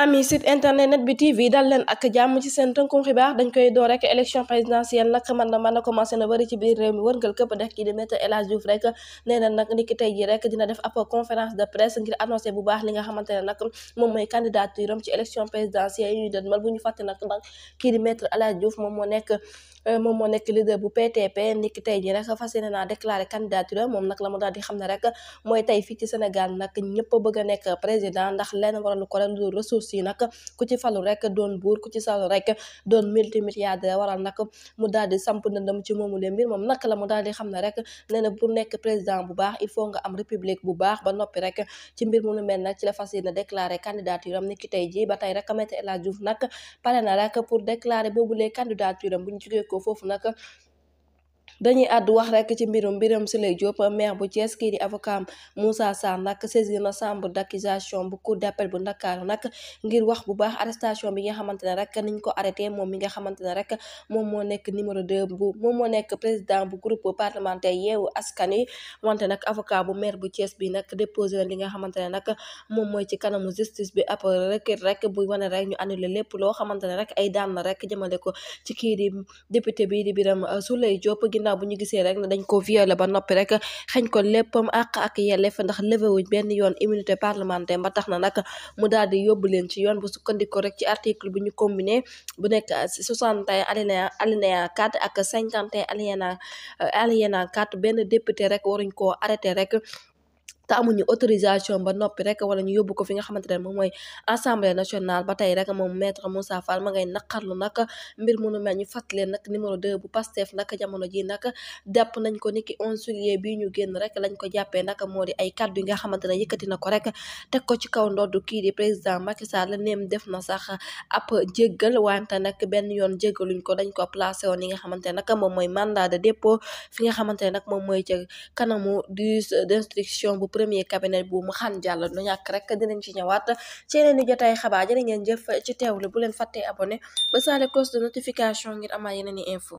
ami site internet net bi tv dal leen ak jàmm ci seen tënkum xibaar dañ koy door rek élection présidentielle nag man na mën a commencé na bëri ci biir réew mi rek nee na nag niki tey ji rek dina def ngir annoncé bu baax li nga xamante ne moom mooy candidature ci élection présidentielle yi bu ñu fàtte nag nag kii di Maître moom moo nekk euh, moom bu PTP niki tey ji rek fas naa déclaré candidature moom nag la mu si nag ku ci falu rek doon buur ku ci falu rek doon multimilliardaire waral nag mu daal di samp ndëndam ci moomu le mbir moom naka la mu daal di xam na rek nee na pour nekk président bu baax il faut nga am république bu baax ba noppi rek ci mbir mu nu mel na ci la fas yéene déclaré candidature am ni ki tey jii ba tey rek Maître El Hadji Diouf nag pare na rek pour déclarer boobu candidature am bu ñu jógee ko foofu nag dañuy àddu wax rek ci mbirum Birame Souleye Diop maire bu Thiès kii di avocat Moussa Sarr nag saisir na chambre d'accusation bu cour d'appel bu Ndakaaru nag ngir wax bu baax arrestation bi nga xamante ne rek niñ ko arrêté moom mi nga xamante ne rek moom moo nekk numéro 2 bu moom moo nekk président bu groupe parlementaire yeewu askan wi wante nag avocat bu maire bu Thiès bi nag déposé na li nga xamante ne nag moom mooy ci kanamu justice bi ab requête rek buy wane rek ñu annulé lépp loo xamante ne rek ay daan rek jëmale ko ginnaaw bu ñu gisee rek ne dañ ko violé ba noppi rek xañ ko lépp àq ak yelleef ndax levé wuñ benn yoon immunité parlementaire ba tax na nag mu daal di yóbbu leen ci yoon bu sukkandikoo rek ci article bu ñu combiné bu nekk 61 alinéa alinéa 4 ak 51 alinéa alinéa 4 benn député rek waruñ koo arrêté rek te amuñu autorisation ba noppi rek wala ñu yóbbu ko fi nga xamante ne moom mooy assemblée ba tey rek moom maître ma ngay naqarlu nag mbir mu nu mel ñu fàttali nag numéro 2 bu Pastef nag ji nag jàpp ko niki 11 juillet bii ñu génn rek lañ ko jàppee nag moo ay kàddu yi nga xamante ne yëkkati na ko rek teg ko ci kaw ndodd kii di président Macky Sall neem def na sax ab jéggal wante nag benn yoon jéggaluñ ko dañ ko woon yi nga xamante ne nag moom mooy mandat de dépôt fi nga xamante ne nag moom mooy ci kanamu juge d'instruction bu premier cabinet bu Maham Diallo du ñàkk rek dinañ ci ñëwaat ci yeneen i jotaay xabaar jërë ngeen jëf ci teewlu bu leen fàttee abonné ba saale cloche de notification ngir amaat yeneen info